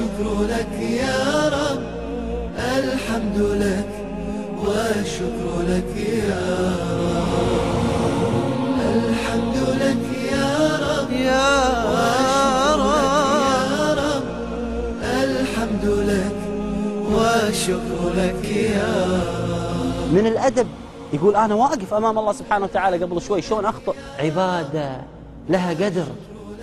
والشكر لك يا رب الحمد لك والشكر لك يا رب الحمد لك يا رب يا رب الحمد لك والشكر لك يا رب من الأدب يقول أنا واقف أمام الله سبحانه وتعالى قبل شوي شلون أخطأ عبادة لها قدر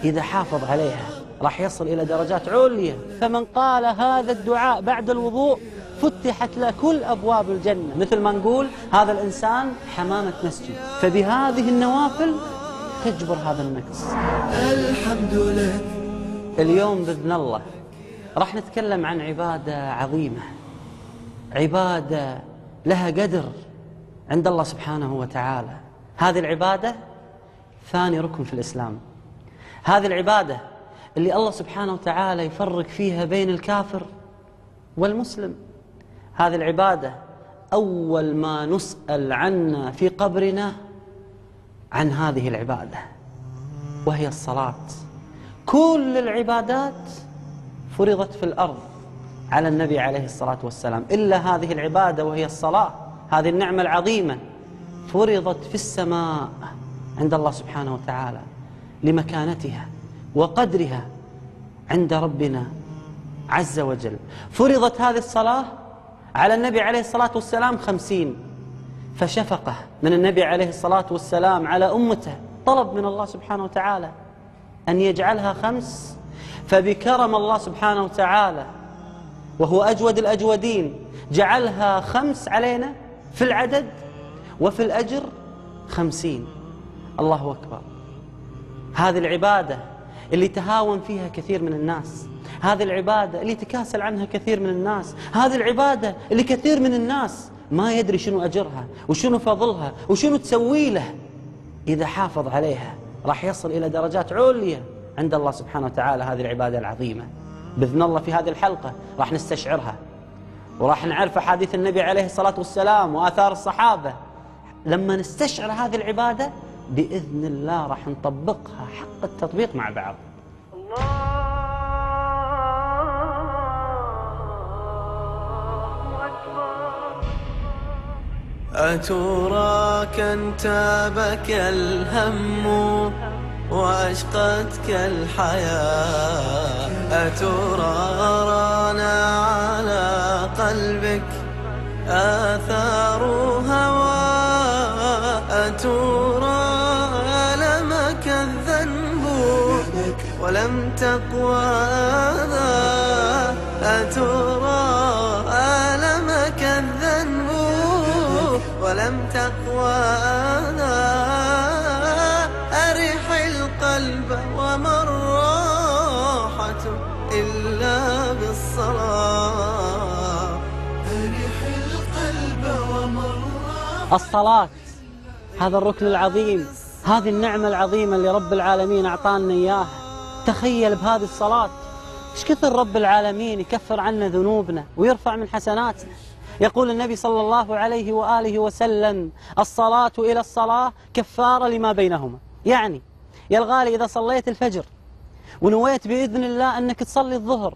إذا حافظ عليها راح يصل إلى درجات عليا فمن قال هذا الدعاء بعد الوضوء فتحت له كل أبواب الجنة مثل ما نقول هذا الإنسان حمامة مسجد فبهذه النوافل تجبر هذا النقص الحمد لله اليوم بإذن الله راح نتكلم عن عبادة عظيمة عبادة لها قدر عند الله سبحانه وتعالى هذه العبادة ثاني ركن في الإسلام هذه العبادة اللي الله سبحانه وتعالى يفرق فيها بين الكافر والمسلم هذه العبادة أول ما نسأل عنا في قبرنا عن هذه العبادة وهي الصلاة كل العبادات فرضت في الأرض على النبي عليه الصلاة والسلام إلا هذه العبادة وهي الصلاة هذه النعمة العظيمة فرضت في السماء عند الله سبحانه وتعالى لمكانتها وقدرها عند ربنا عز وجل فرضت هذه الصلاة على النبي عليه الصلاة والسلام خمسين فشفقه من النبي عليه الصلاة والسلام على أمته طلب من الله سبحانه وتعالى أن يجعلها خمس فبكرم الله سبحانه وتعالى وهو أجود الأجودين جعلها خمس علينا في العدد وفي الأجر خمسين الله أكبر هذه العبادة اللي تهاون فيها كثير من الناس هذه العبادة اللي تكاسل عنها كثير من الناس هذه العبادة اللي كثير من الناس ما يدري شنو أجرها وشنو فضلها وشنو تسوي له إذا حافظ عليها راح يصل إلى درجات عليا عند الله سبحانه وتعالى هذه العبادة العظيمة بإذن الله في هذه الحلقة راح نستشعرها وراح نعرف حديث النبي عليه الصلاة والسلام وآثار الصحابة لما نستشعر هذه العبادة باذن الله راح نطبقها حق التطبيق مع بعض الله أكبر أتراك انتابك الهم وأشقتك الحياة أترى رانا على قلبك آثار هوى أترى تقواها أترى ألمك الذنب ولم تقوى أرح القلب وما الراحة إلا بالصلاة أرح القلب وما الراحة الصلاة هذا الركن العظيم هذه النعمة العظيمة اللي رب العالمين أعطانا إياها تخيل بهذه الصلاة ايش كثر رب العالمين يكفر عنا ذنوبنا ويرفع من حسناتنا يقول النبي صلى الله عليه وآله وسلم الصلاة إلى الصلاة كفارة لما بينهما يعني يا الغالي إذا صليت الفجر ونويت بإذن الله أنك تصلي الظهر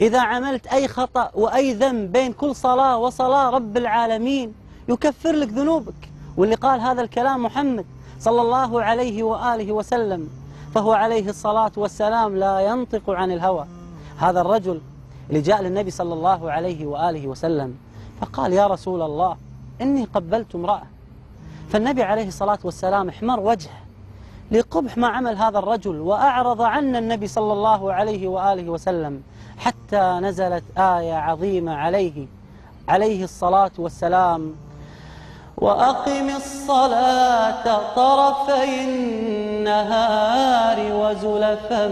إذا عملت أي خطأ وأي ذنب بين كل صلاة وصلاة رب العالمين يكفر لك ذنوبك واللي قال هذا الكلام محمد صلى الله عليه وآله وسلم فهو عليه الصلاة والسلام لا ينطق عن الهوى هذا الرجل اللي جاء للنبي صلى الله عليه وآله وسلم فقال يا رسول الله إني قبلت امرأة فالنبي عليه الصلاة والسلام احمر وجهه لقبح ما عمل هذا الرجل وأعرض عنا النبي صلى الله عليه وآله وسلم حتى نزلت آية عظيمة عليه عليه الصلاة والسلام وأقم الصلاة طرفي النهار وزلفا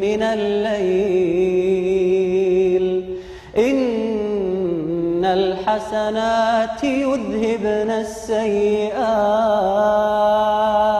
من الليل إن الحسنات يذهبن السيئات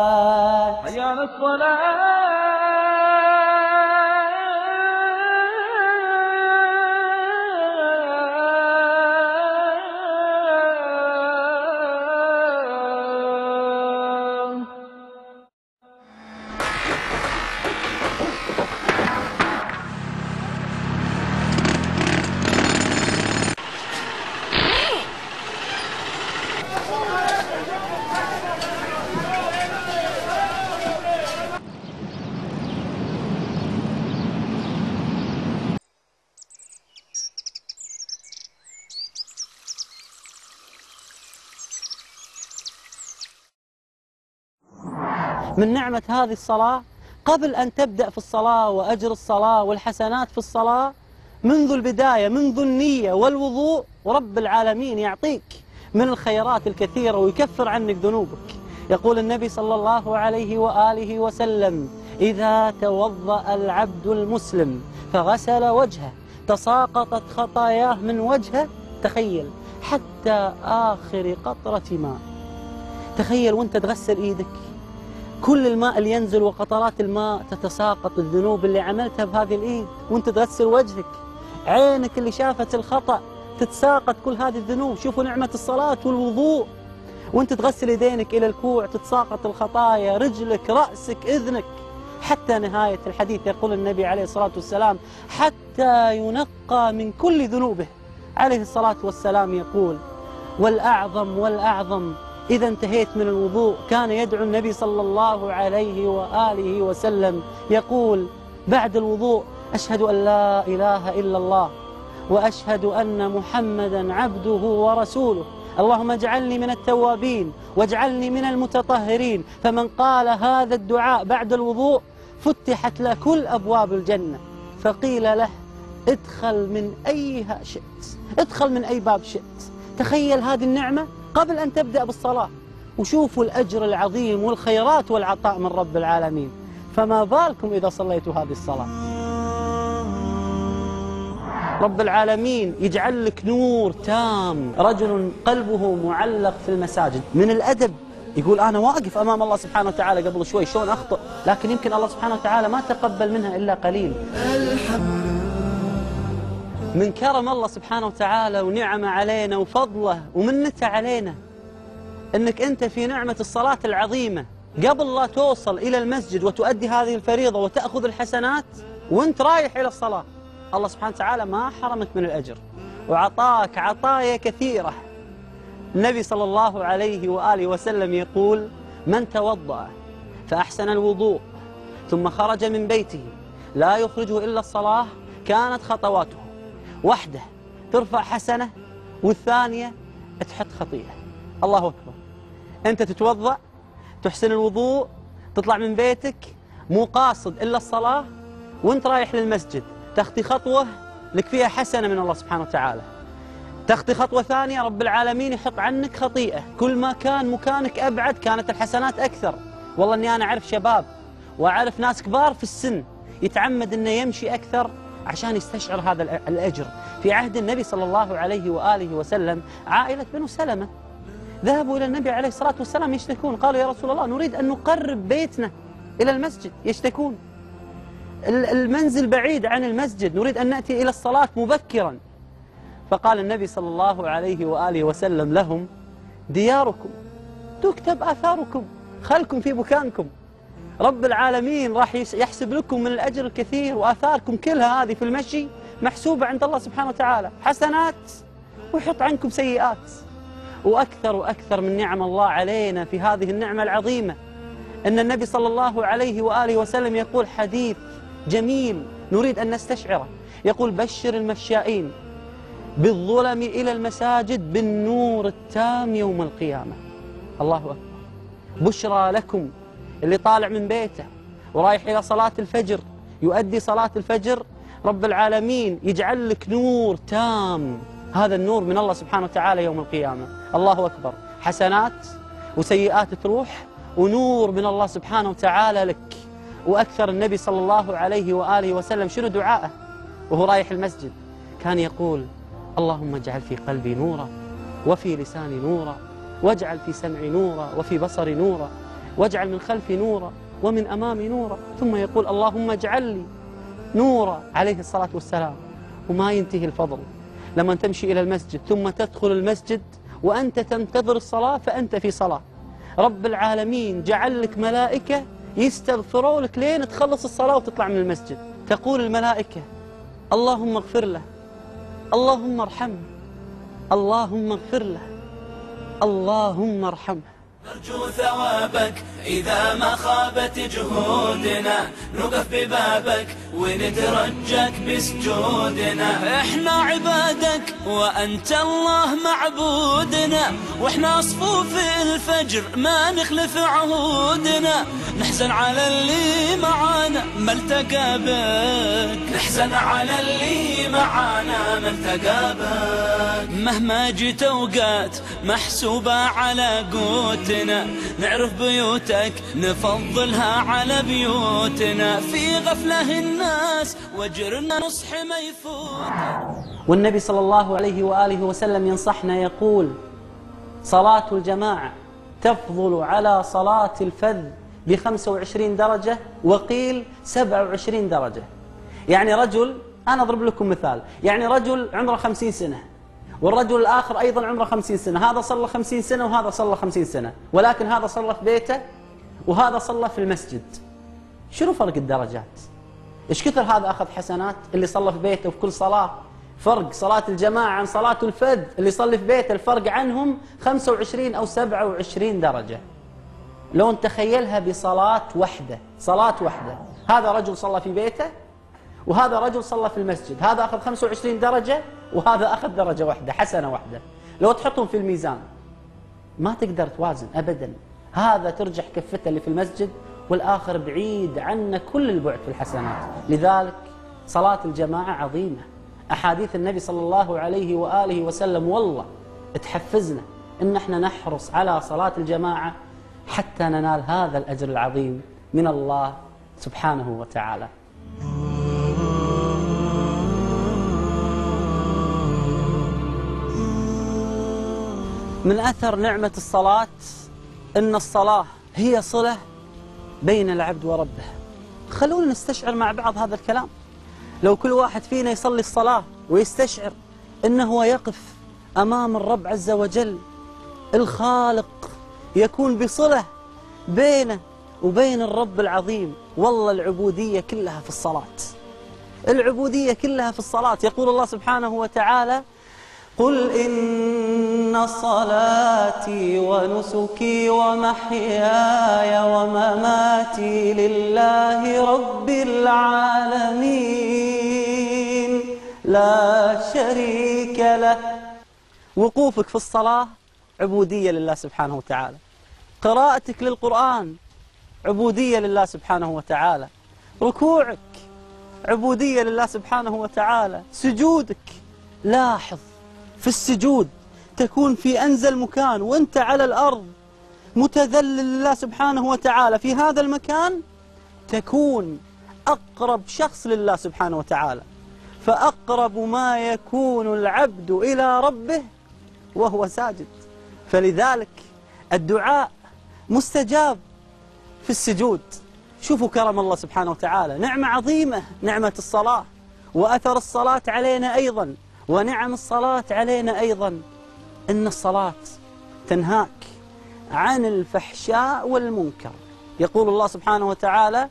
من نعمة هذه الصلاة قبل أن تبدأ في الصلاة وأجر الصلاة والحسنات في الصلاة منذ البداية منذ النية والوضوء رب العالمين يعطيك من الخيرات الكثيرة ويكفر عنك ذنوبك يقول النبي صلى الله عليه وآله وسلم إذا توضأ العبد المسلم فغسل وجهه تساقطت خطاياه من وجهه تخيل حتى آخر قطرة ماء تخيل وانت تغسل إيدك كل الماء اللي ينزل وقطرات الماء تتساقط الذنوب اللي عملتها بهذه الايد وانت تغسل وجهك عينك اللي شافت الخطأ تتساقط كل هذه الذنوب شوفوا نعمة الصلاة والوضوء وانت تغسل يدينك إلى الكوع تتساقط الخطايا رجلك رأسك إذنك حتى نهاية الحديث يقول النبي عليه الصلاة والسلام حتى ينقى من كل ذنوبه عليه الصلاة والسلام يقول والأعظم والأعظم إذا انتهيت من الوضوء كان يدعو النبي صلى الله عليه وآله وسلم يقول بعد الوضوء أشهد أن لا إله إلا الله وأشهد أن محمدا عبده ورسوله اللهم اجعلني من التوابين واجعلني من المتطهرين فمن قال هذا الدعاء بعد الوضوء فتحت له كل أبواب الجنة فقيل له ادخل من أيها شئت ادخل من أي باب شئت تخيل هذه النعمة قبل أن تبدأ بالصلاة وشوفوا الأجر العظيم والخيرات والعطاء من رب العالمين فما بالكم إذا صليتوا هذه الصلاة رب العالمين يجعل لك نور تام رجل قلبه معلق في المساجد من الأدب يقول أنا واقف أمام الله سبحانه وتعالى قبل شوي شلون أخطأ لكن يمكن الله سبحانه وتعالى ما تقبل منها إلا قليل الحمد من كرم الله سبحانه وتعالى ونعمه علينا وفضله ومنته علينا أنك أنت في نعمة الصلاة العظيمة قبل لا توصل إلى المسجد وتؤدي هذه الفريضة وتأخذ الحسنات وانت رايح إلى الصلاة الله سبحانه وتعالى ما حرمك من الأجر وعطاك عطايا كثيرة النبي صلى الله عليه وآله وسلم يقول من توضأ فأحسن الوضوء ثم خرج من بيته لا يخرجه إلا الصلاة كانت خطواته واحدة ترفع حسنة والثانية تحط خطيئة الله أكبر أنت تتوضأ تحسن الوضوء تطلع من بيتك مو قاصد إلا الصلاة وانت رايح للمسجد تخطي خطوة لك فيها حسنة من الله سبحانه وتعالى تخطي خطوة ثانية رب العالمين يحط عنك خطيئة كل ما كان مكانك أبعد كانت الحسنات أكثر والله أني أنا أعرف شباب وأعرف ناس كبار في السن يتعمد أنه يمشي أكثر عشان يستشعر هذا الأجر في عهد النبي صلى الله عليه وآله وسلم عائلة بنو سلمة ذهبوا إلى النبي عليه الصلاة والسلام يشتكون قالوا يا رسول الله نريد أن نقرب بيتنا إلى المسجد يشتكون المنزل بعيد عن المسجد نريد أن نأتي إلى الصلاة مبكرا فقال النبي صلى الله عليه وآله وسلم لهم دياركم تكتب آثاركم خلكم في بكانكم رب العالمين راح يحسب لكم من الأجر الكثير وآثاركم كلها هذه في المشي محسوبة عند الله سبحانه وتعالى حسنات ويحط عنكم سيئات وأكثر وأكثر من نعم الله علينا في هذه النعمة العظيمة أن النبي صلى الله عليه وآله وسلم يقول حديث جميل نريد أن نستشعره يقول بشر المشائين بالظلم إلى المساجد بالنور التام يوم القيامة الله أكبر بشرى لكم اللي طالع من بيته ورايح إلى صلاة الفجر يؤدي صلاة الفجر رب العالمين يجعل لك نور تام هذا النور من الله سبحانه وتعالى يوم القيامة الله أكبر حسنات وسيئات تروح ونور من الله سبحانه وتعالى لك وأكثر النبي صلى الله عليه وآله وسلم شنو دعائه وهو رايح المسجد كان يقول اللهم اجعل في قلبي نورا وفي لساني نورا واجعل في سمعي نورا وفي بصري نورا واجعل من خلفي نورا ومن أمامي نورا ثم يقول اللهم اجعل لي نورا عليه الصلاة والسلام وما ينتهي الفضل لما تمشي إلى المسجد ثم تدخل المسجد وأنت تنتظر الصلاة فأنت في صلاة رب العالمين جعل لك ملائكة يستغفروا لك لين تخلص الصلاة وتطلع من المسجد تقول الملائكة اللهم اغفر له اللهم ارحمه اللهم اغفر له اللهم ارحمه نرجو ثوابك إذا ما خابت جهودنا نقف ببابك ونترجك بسجودنا إحنا عبادك وأنت الله معبودنا وإحنا صفوف الفجر ما نخلف عهودنا نحزن على اللي معانا ما التقى بك نحزن على اللي معانا ما التقى بك مهما جيت أوقات محسوبة على قوتنا بيوتنا نعرف بيوتك نفضلها على بيوتنا في غفلة الناس وجرنا نصح ما يفوت والنبي صلى الله عليه وآله وسلم ينصحنا يقول صلاة الجماعة تفضل على صلاة الفذ ب 25 درجة وقيل 27 درجة يعني رجل أنا أضرب لكم مثال يعني رجل عمره 50 سنة والرجل الآخر أيضا عمره خمسين سنة هذا صلى خمسين سنة وهذا صلى خمسين سنة ولكن هذا صلى في بيته وهذا صلى في المسجد شنو فرق الدرجات إيش كثر هذا أخذ حسنات اللي صلى في بيته وفي كل صلاة فرق صلاة الجماعة عن صلاة الفرد اللي يصلي في بيته الفرق عنهم 25 أو 27 درجة لو نتخيلها بصلاة واحدة صلاة واحدة هذا رجل صلى في بيته وهذا رجل صلى في المسجد هذا أخذ 25 درجة وهذا أخذ درجة واحدة حسنة واحدة لو تحطهم في الميزان ما تقدر توازن أبدا هذا ترجح كفته اللي في المسجد والآخر بعيد عنا كل البعد في الحسنات لذلك صلاة الجماعة عظيمة أحاديث النبي صلى الله عليه وآله وسلم والله تحفزنا أن احنا نحرص على صلاة الجماعة حتى ننال هذا الأجر العظيم من الله سبحانه وتعالى من أثر نعمة الصلاة أن الصلاة هي صلة بين العبد وربه خلونا نستشعر مع بعض هذا الكلام لو كل واحد فينا يصلي الصلاة ويستشعر أنه يقف أمام الرب عز وجل الخالق يكون بصلة بينه وبين الرب العظيم والله العبودية كلها في الصلاة العبودية كلها في الصلاة يقول الله سبحانه وتعالى قل إن صلاتي ونسكي ومحياي ومماتي لله رب العالمين لا شريك له وقوفك في الصلاة عبودية لله سبحانه وتعالى قراءتك للقرآن عبودية لله سبحانه وتعالى ركوعك عبودية لله سبحانه وتعالى سجودك لاحظ في السجود تكون في أنزل مكان وأنت على الأرض متذلل لله سبحانه وتعالى في هذا المكان تكون أقرب شخص لله سبحانه وتعالى فأقرب ما يكون العبد إلى ربه وهو ساجد فلذلك الدعاء مستجاب في السجود شوفوا كرم الله سبحانه وتعالى نعمة عظيمة نعمة الصلاة وأثر الصلاة علينا أيضا ونعم الصلاة علينا أيضا إن الصلاة تنهاك عن الفحشاء والمنكر يقول الله سبحانه وتعالى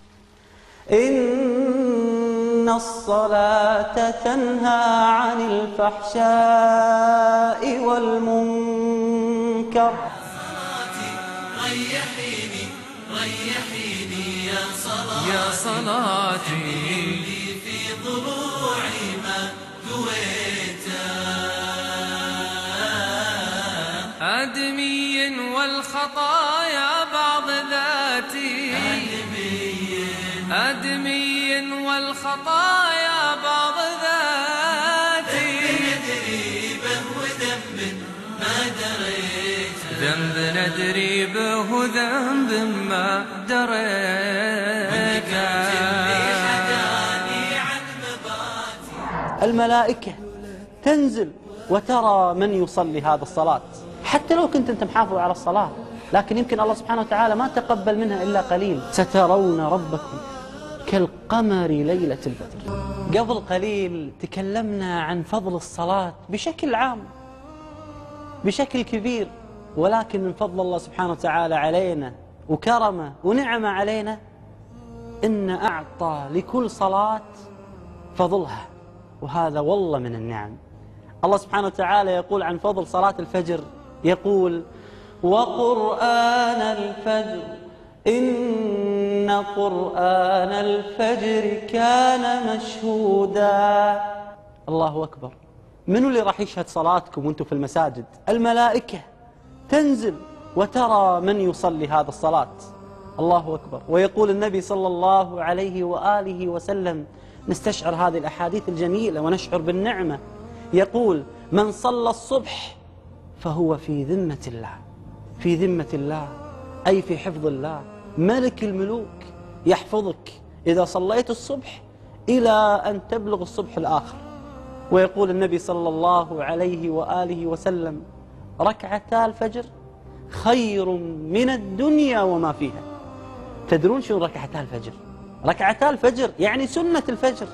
إن الصلاة تنهى عن الفحشاء والمنكر ريحيني ريحيني يا صلاتي يا صلاتي الخطايا بعض ذاتي أدمي والخطايا بعض ذاتي ندري به وذنب ما ذنب ندري به ذنب ما دريت الملائكة تنزل وترى من يصلي هذا الصلاة حتى لو كنت أنت محافظ على الصلاة لكن يمكن الله سبحانه وتعالى ما تقبل منها إلا قليل سترون ربكم كالقمر ليلة البدر قبل قليل تكلمنا عن فضل الصلاة بشكل عام بشكل كبير ولكن من فضل الله سبحانه وتعالى علينا وكرمه ونعمه علينا إن أعطى لكل صلاة فضلها وهذا والله من النعم الله سبحانه وتعالى يقول عن فضل صلاة الفجر يقول وقرآن الفجر إن قرآن الفجر كان مشهودا الله أكبر منو اللي راح يشهد صلاتكم وانتم في المساجد الملائكة تنزل وترى من يصلي هذا الصلاة الله أكبر ويقول النبي صلى الله عليه وآله وسلم نستشعر هذه الأحاديث الجميلة ونشعر بالنعمة يقول من صلى الصبح فهو في ذمة الله في ذمة الله أي في حفظ الله ملك الملوك يحفظك إذا صليت الصبح إلى أن تبلغ الصبح الآخر ويقول النبي صلى الله عليه وآله وسلم ركعتا الفجر خير من الدنيا وما فيها تدرون شو ركعتا الفجر ركعتا الفجر يعني سنة الفجر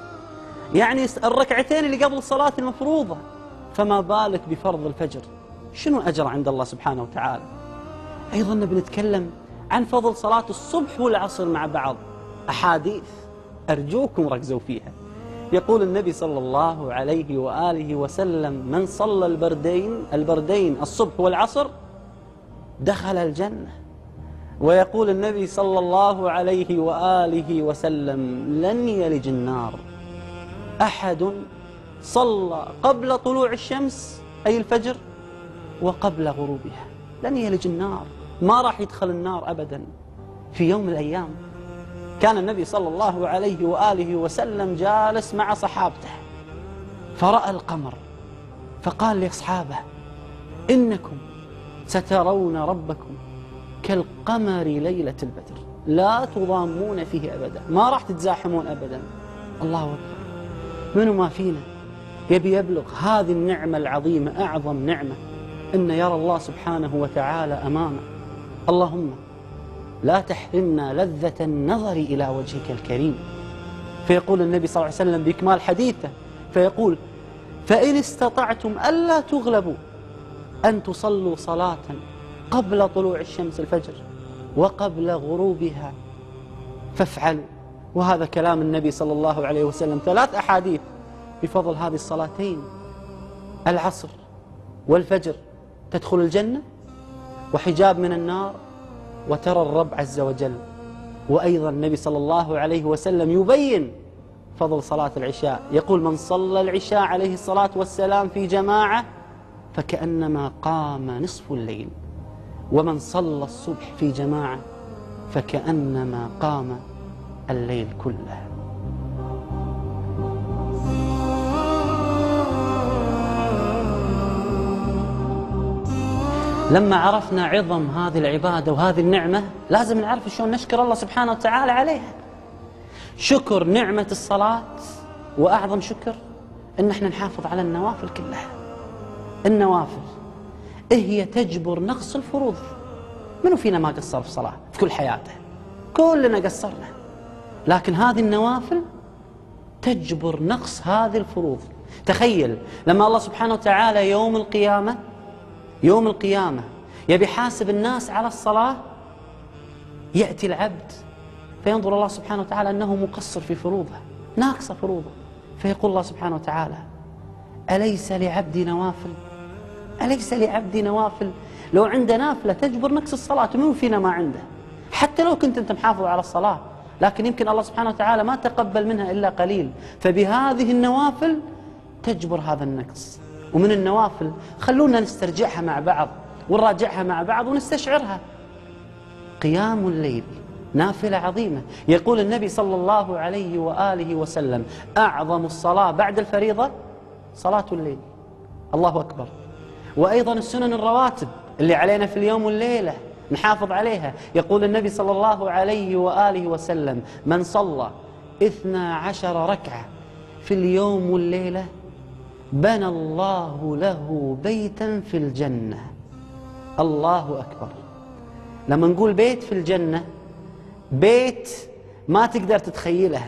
يعني الركعتين اللي قبل الصلاة المفروضة فما بالك بفرض الفجر شنو أجر عند الله سبحانه وتعالى أيضا بنتكلم عن فضل صلاة الصبح والعصر مع بعض أحاديث أرجوكم ركزوا فيها يقول النبي صلى الله عليه وآله وسلم من صلى البردين البردين الصبح والعصر دخل الجنة ويقول النبي صلى الله عليه وآله وسلم لن يلج النار أحد صلى قبل طلوع الشمس أي الفجر وقبل غروبها لن يلج النار ما راح يدخل النار أبدا في يوم من الأيام كان النبي صلى الله عليه وآله وسلم جالس مع صحابته فرأى القمر فقال لأصحابه إنكم سترون ربكم كالقمر ليلة البدر لا تضامون فيه أبدا ما راح تتزاحمون أبدا الله أكبر منو ما فينا يبي يبلغ هذه النعمة العظيمة أعظم نعمة أن يرى الله سبحانه وتعالى أمامه اللهم لا تحرمنا لذة النظر إلى وجهك الكريم فيقول النبي صلى الله عليه وسلم بإكمال حديثه فيقول فإن استطعتم ألا تغلبوا أن تصلوا صلاة قبل طلوع الشمس الفجر وقبل غروبها فافعلوا وهذا كلام النبي صلى الله عليه وسلم ثلاث أحاديث بفضل هذه الصلاتين العصر والفجر تدخل الجنة وحجاب من النار وترى الرب عز وجل وأيضا النبي صلى الله عليه وسلم يبين فضل صلاة العشاء يقول من صلى العشاء عليه الصلاة والسلام في جماعة فكأنما قام نصف الليل ومن صلى الصبح في جماعة فكأنما قام الليل كله لما عرفنا عظم هذه العبادة وهذه النعمة لازم نعرف شلون نشكر الله سبحانه وتعالى عليها شكر نعمة الصلاة وأعظم شكر أن احنا نحافظ على النوافل كلها النوافل هي تجبر نقص الفروض منو فينا ما قصر في صلاة في كل حياته كلنا قصرنا لكن هذه النوافل تجبر نقص هذه الفروض تخيل لما الله سبحانه وتعالى يوم القيامة يوم القيامة يبي يحاسب الناس على الصلاة يأتي العبد فينظر الله سبحانه وتعالى أنه مقصر في فروضه ناقص فروضه فيقول الله سبحانه وتعالى أليس لعبدي نوافل أليس لعبدي نوافل لو عنده نافلة تجبر نقص الصلاة من فينا ما عنده حتى لو كنت أنت محافظ على الصلاة لكن يمكن الله سبحانه وتعالى ما تقبل منها إلا قليل فبهذه النوافل تجبر هذا النقص ومن النوافل خلونا نسترجعها مع بعض ونراجعها مع بعض ونستشعرها قيام الليل نافلة عظيمة يقول النبي صلى الله عليه وآله وسلم أعظم الصلاة بعد الفريضة صلاة الليل الله أكبر وأيضا السنن الرواتب اللي علينا في اليوم والليلة نحافظ عليها يقول النبي صلى الله عليه وآله وسلم من صلى إثنى عشر ركعة في اليوم والليلة بنى الله له بيتا في الجنة الله أكبر لما نقول بيت في الجنة بيت ما تقدر تتخيله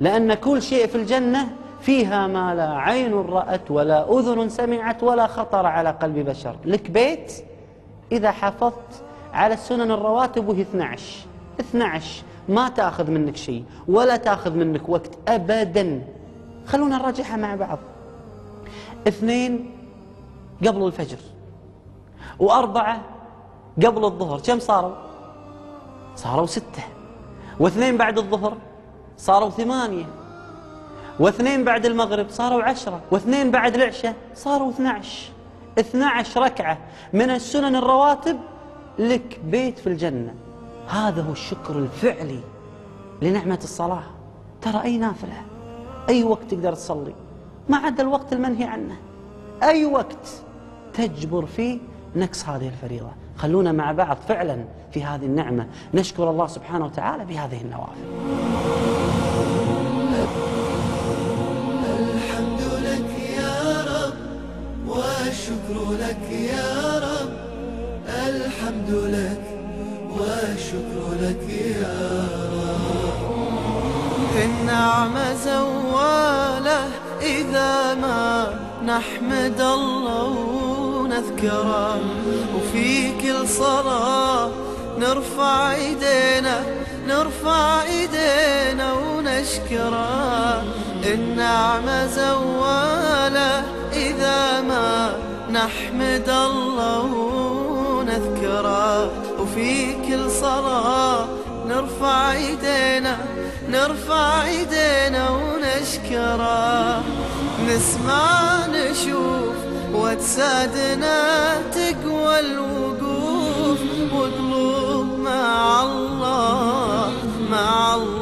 لأن كل شيء في الجنة فيها ما لا عين رأت ولا أذن سمعت ولا خطر على قلب بشر لك بيت إذا حافظت على السنن الرواتب وهي 12 12 ما تأخذ منك شيء ولا تأخذ منك وقت أبدا خلونا نراجعها مع بعض اثنين قبل الفجر وأربعة قبل الظهر كم صاروا صاروا ستة واثنين بعد الظهر صاروا ثمانية واثنين بعد المغرب صاروا عشرة واثنين بعد العشاء صاروا اثنعش اثنعش ركعة من السنن الرواتب لك بيت في الجنة هذا هو الشكر الفعلي لنعمة الصلاة ترى أي نافلة أي وقت تقدر تصلي ما عدا الوقت المنهي عنه أي وقت تجبر فيه نقص هذه الفريضة خلونا مع بعض فعلا في هذه النعمة نشكر الله سبحانه وتعالى بهذه النوافل الحمد لك يا رب والشكر لك يا رب الحمد لك والشكر لك يا رب النعمة زواله إذا ما نحمد الله ونذكره وفي كل صلاة نرفع ايدينا نرفع ايدينا ونشكره النعمة زوالة إذا ما نحمد الله ونذكره وفي كل صلاة نرفع ايدينا نرفع ايدينا ونشكره نسمع نشوف واجسادنا تقوى الوقوف وقلوب مع الله مع الله